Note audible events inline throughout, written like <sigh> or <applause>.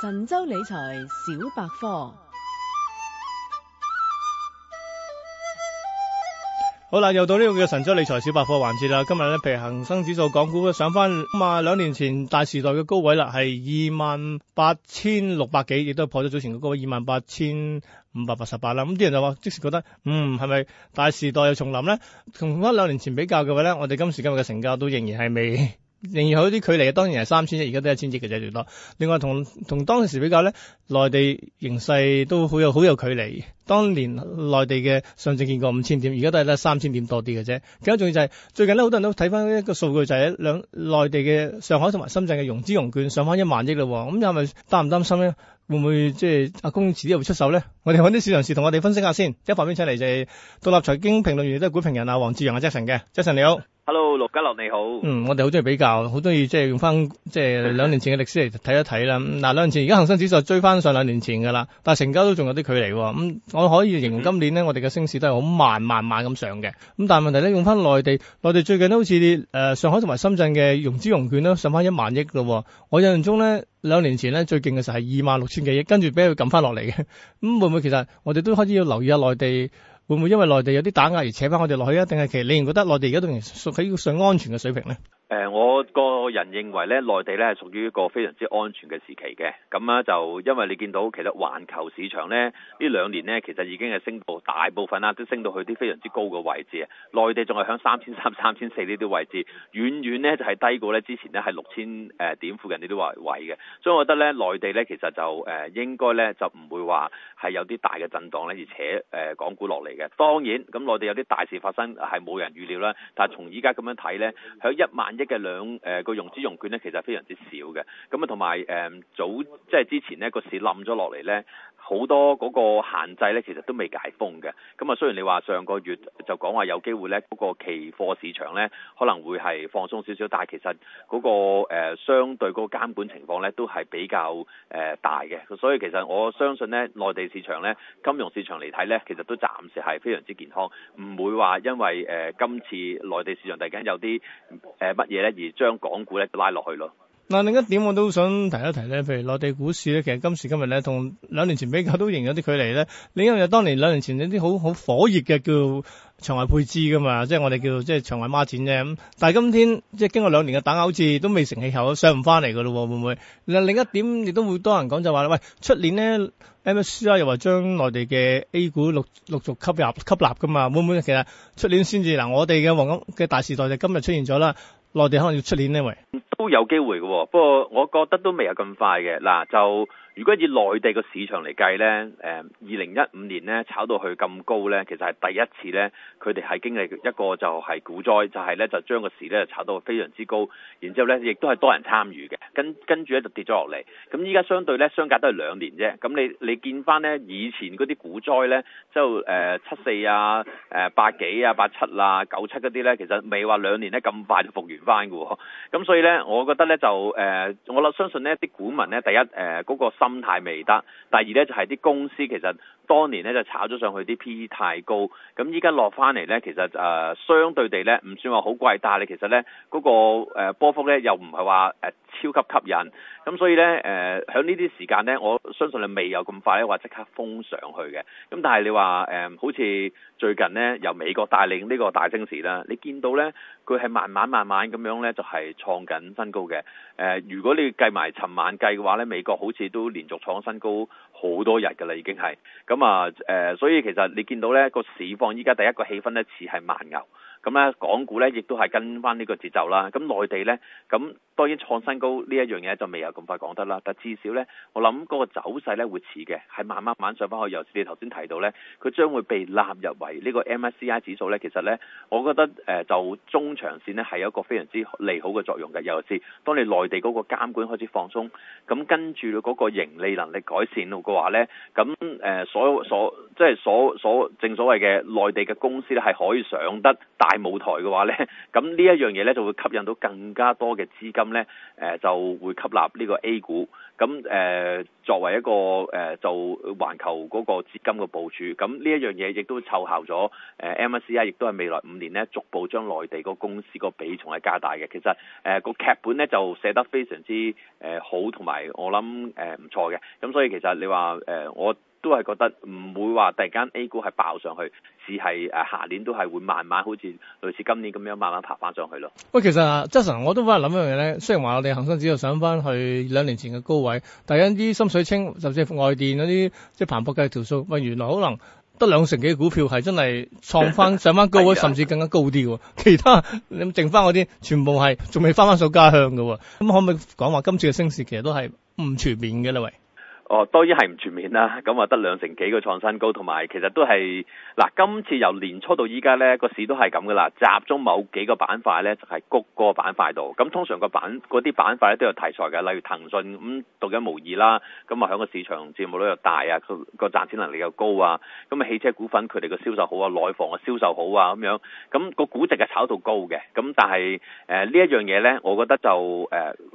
州財神州理財小百科，好啦，又到呢個叫神州理財小百科環節啦。今日咧，譬如恒生指數、港股上翻咁啊，兩年前大時代嘅高位啦，係二萬八千六百幾，亦都破咗早前嘅高位二萬八千五百八十八啦。咁啲人就話即時覺得，嗯，係咪大時代又重臨咧？同一兩年前比較嘅話咧，我哋今時今日嘅成交都仍然係未，仍然有啲距離，當然係三千億，而家都一千億嘅啫，最多。另外同同當時比較咧，內地形勢都好有好有距離。當年內地嘅上證見過五千點，而家都係得三千點多啲嘅啫。更加重要就係最近呢，好多人都睇翻一個數據，就係兩內地嘅上海同埋深圳嘅融資融券上翻一萬億啦。咁又係咪擔唔擔心咧？會唔會即係阿公遲啲又會出手咧？我哋揾啲市場人士同我哋分析下先。一方面出嚟就係獨立財經評論員，亦都係股評人啊黃志揚阿 Jason 嘅，Jason 你好。Hello，陸家樂你好。嗯，我哋好中意比較，好中意即係用翻即係兩年前嘅歷史嚟睇一睇啦。嗱、嗯，兩年前而家恒生指數追翻上兩年前嘅啦，但係成交都仲有啲距離。咁、嗯、我可以形容今年咧，我哋嘅升市都係好慢慢慢咁上嘅。咁、嗯、但係問題咧，用翻內地，內地最近都好似誒、呃、上海同埋深圳嘅融資融券都上翻一萬億咯。我印象中咧兩年前咧最勁嘅時候係二萬六千幾億，跟住俾佢撳翻落嚟嘅。咁、嗯、會唔會其實我哋都開始要留意下內地？會唔會因為內地有啲打壓而扯翻我哋落去啊？定係其實你唔覺得內地而家仲仍屬喺一個上安全嘅水平咧？誒、呃，我個人認為咧，內地咧係屬於一個非常之安全嘅時期嘅，咁啊就因為你見到其實環球市場咧呢兩年咧其實已經係升到大部分啦，都升到去啲非常之高嘅位置，內地仲係喺三千三三千四呢啲位置，遠遠咧就係、是、低過咧之前咧係六千誒點附近呢啲位嘅，所以我覺得咧內地咧其實就誒、呃、應該咧就唔會話係有啲大嘅震盪咧，而且誒、呃、港股落嚟嘅。當然咁內地有啲大事發生係冇人預料啦，但係從依家咁樣睇咧，喺一萬一嘅兩誒個融資融券咧，其實非常之少嘅。咁 <noise> 啊，同埋誒早即係之前呢個市冧咗落嚟咧，好多嗰個限制咧，其實都未解封嘅。咁啊，雖然你話上個月就講話有機會咧，嗰個期貨市場咧可能會係放鬆少少，但係其實嗰個相對嗰個監管情況咧都係比較誒大嘅。所以其實我相信咧，內地市場咧金融市場嚟睇咧，其實都暫時係非常之健康，唔會話因為誒今次內地市場突然間有啲誒乜嘢咧而將港股咧拉落去咯。嗱，另一點我都想提一提咧，譬如內地股市咧，其實今時今日咧同兩年前比較都仍有啲距離咧。另一樣就當年兩年前有啲好好火熱嘅叫場外配置噶嘛，即係我哋叫即係場外孖展啫。咁但係今天即係經過兩年嘅打壓，好似都未成氣候，上唔翻嚟噶咯，會唔會？另外另一點亦都會多人講就話啦，喂，出年咧 MSCI 又話將內地嘅 A 股陸陸續吸入吸納噶嘛，會唔會？其實出年先至嗱，我哋嘅黃金嘅大時代就今日出現咗啦。內地可能要出年呢位都有機會嘅，不過我覺得都未有咁快嘅。嗱，就如果以內地嘅市場嚟計、呃、呢，誒，二零一五年呢炒到去咁高呢，其實係第一次呢。佢哋係經歷一個就係股災，就係、係、呢就將個市呢炒到非常之高，然之後呢，亦都係多人參與嘅。跟跟住咧就跌咗落嚟，咁依家相對咧相隔都係兩年啫，咁你你見翻咧以前嗰啲股災咧，就誒、呃、七四啊，誒、呃、八幾啊八七啊、九七嗰啲咧，其實未話兩年咧咁快就復原翻嘅喎，咁所以咧我覺得咧就誒、呃，我諗相信呢啲股民咧，第一誒嗰、呃那個心態未得，第二咧就係、是、啲公司其實。當年呢就炒咗上去啲 P/E 太高，咁依家落翻嚟呢，其實誒、呃、相對地呢，唔算話好貴，但係你其實呢，嗰、那個、呃、波幅呢，又唔係話誒超級吸引，咁所以呢，誒喺呢啲時間呢，我相信你未有咁快咧話即刻封上去嘅，咁但係你話誒、呃、好似最近呢，由美國帶領呢個大升市啦，你見到呢，佢係慢慢慢慢咁樣呢，就係、是、創緊新高嘅，誒、呃、如果你計埋尋晚計嘅話呢，美國好似都連續創新高。好多日噶啦，已經係咁啊，誒，所以其實你見到咧，個市況，依家第一個氣氛咧似係慢牛。咁咧，港股咧亦都係跟翻呢個節奏啦。咁內地咧，咁當然創新高呢一樣嘢就未有咁快講得啦。但至少咧，我諗嗰個走勢咧會似嘅，係慢慢慢慢上翻去。由你頭先提到咧，佢將會被納入為呢個 MSCI 指數咧。其實咧，我覺得誒就中長線咧係有一個非常之利好嘅作用嘅。尤其是當你內地嗰個監管開始放鬆，咁跟住到嗰個盈利能力改善到嘅話咧，咁誒所所即係所所正所謂嘅內地嘅公司咧係可以上得大大舞台嘅話呢，咁呢一樣嘢呢就會吸引到更加多嘅資金呢，誒、呃、就會吸納呢個 A 股，咁、呃、誒作為一個誒、呃、就環球嗰個資金嘅部署，咁呢一樣嘢亦都湊效咗誒 MSCI 亦都係未來五年呢逐步將內地個公司個比重係加大嘅。其實誒個、呃、劇本呢就寫得非常之誒好，同埋我諗誒唔錯嘅。咁、呃、所以其實你話誒、呃、我。都係覺得唔會話突然間 A 股係爆上去，只係誒下年都係會慢慢好似類似今年咁樣慢慢爬翻上去咯。喂，其實 Jason 我都翻嚟諗一樣嘢咧。雖然話我哋恒生指數上翻去兩年前嘅高位，但係有啲心水清，甚至外電嗰啲即係彭博計條數喂，原來可能得兩成幾嘅股票係真係創翻上翻高位， <laughs> 的甚至更加高啲嘅。其他你剩翻嗰啲全部係仲未翻翻數家鄉嘅。咁可唔可以講話今次嘅升市其實都係唔全面嘅咧？喂？哦，當然係唔全面啦，咁啊得兩成幾個創新高，同埋其實都係嗱，今次由年初到依家呢個市都係咁噶啦，集中某幾個板塊呢就係谷嗰個板塊度。咁通常個板嗰啲板塊都有題材嘅，例如騰訊咁獨一無二啦，咁啊喺個市場佔有率又大啊，個個賺錢能力又高啊，咁啊汽車股份佢哋個銷售好啊，內房啊銷售好啊咁樣，咁個估值係炒到高嘅，咁但係誒呢一樣嘢呢，我覺得就誒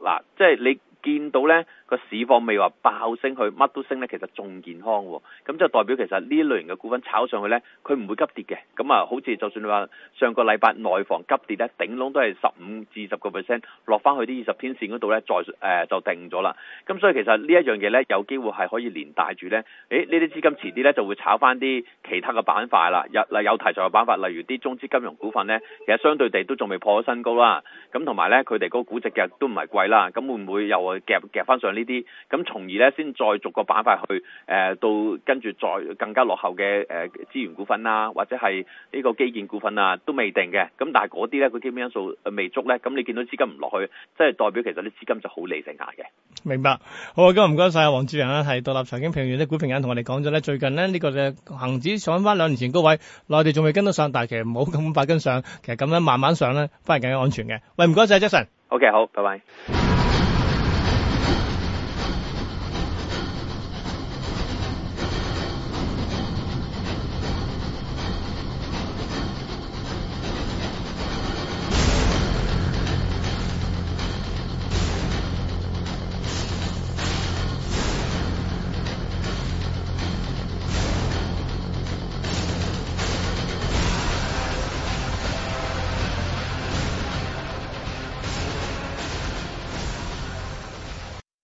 嗱，即係你。見到咧個市況未話爆升，佢乜都升咧，其實仲健康喎、啊。咁就代表其實呢類型嘅股份炒上去咧，佢唔會急跌嘅。咁啊，好似就算你話上個禮拜內房急跌咧，頂籠都係十五至十個 percent 落翻去啲二十天線嗰度咧，再誒、呃、就定咗啦。咁所以其實呢一樣嘢咧，有機會係可以連帶住咧，誒呢啲資金遲啲咧就會炒翻啲其他嘅板塊啦。有例有題材嘅板塊，例如啲中資金融股份咧，其實相對地都仲未破咗新高啦、啊。咁同埋咧，佢哋嗰個估值嘅都唔係貴啦。咁會唔會又？夾夾翻上呢啲，咁從而咧先再逐個板塊去，誒、呃、到跟住再更加落後嘅誒資源股份啦、啊，或者係呢個基建股份啊，都未定嘅。咁但係嗰啲咧，佢基本因素未足咧？咁、嗯、你見到資金唔落去，即係代表其實啲資金就好理性下嘅。明白，好啊，咁唔該晒阿黃志揚咧，係獨立財經評論員呢股評人同我哋講咗咧，最近呢，呢、這個就恒指上翻兩年前高位，內地仲未跟得上，但係其實唔好咁快跟上，其實咁樣慢慢上咧，反而更加安全嘅。喂，唔該晒 Jason，OK，、okay，好，拜拜。